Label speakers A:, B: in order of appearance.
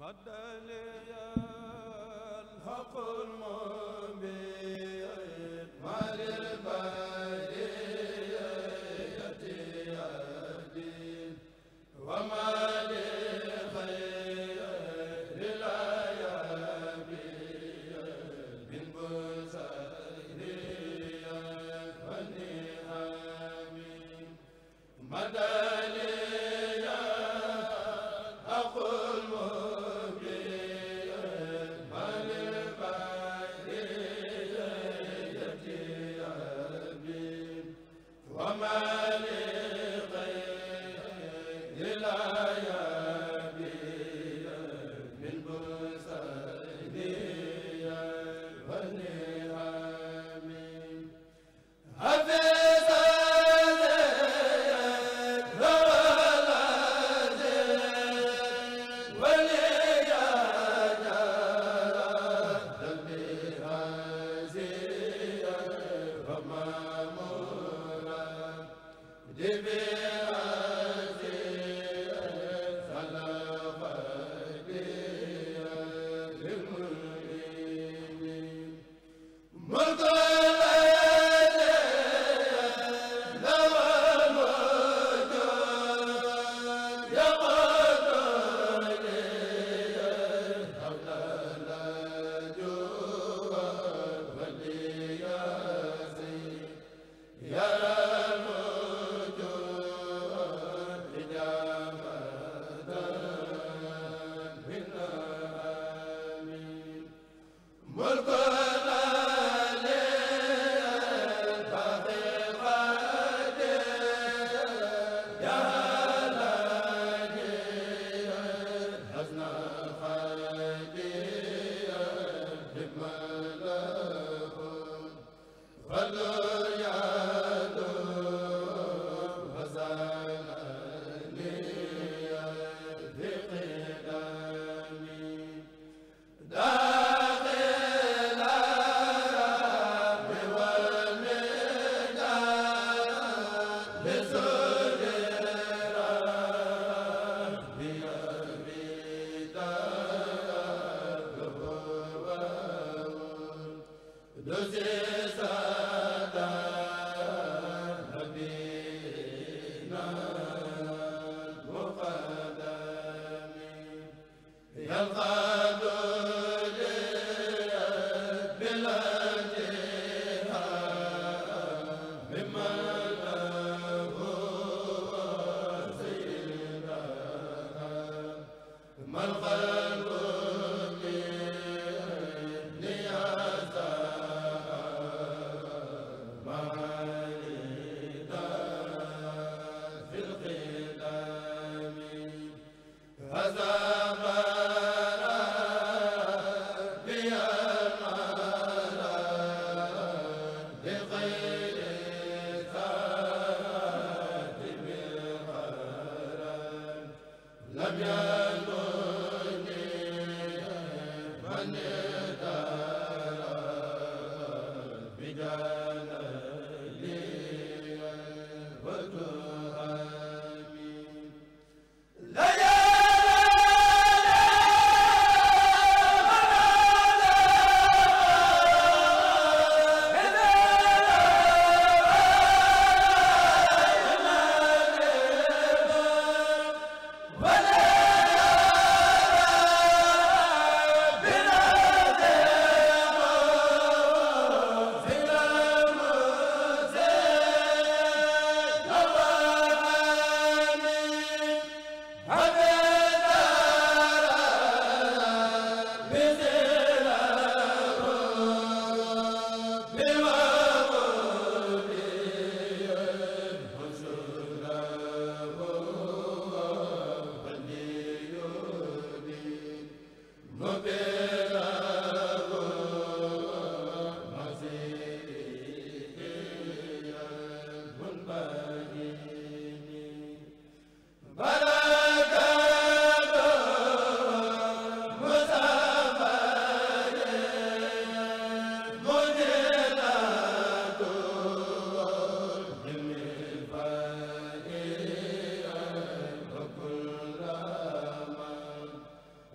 A: مدني الحق المبين debe la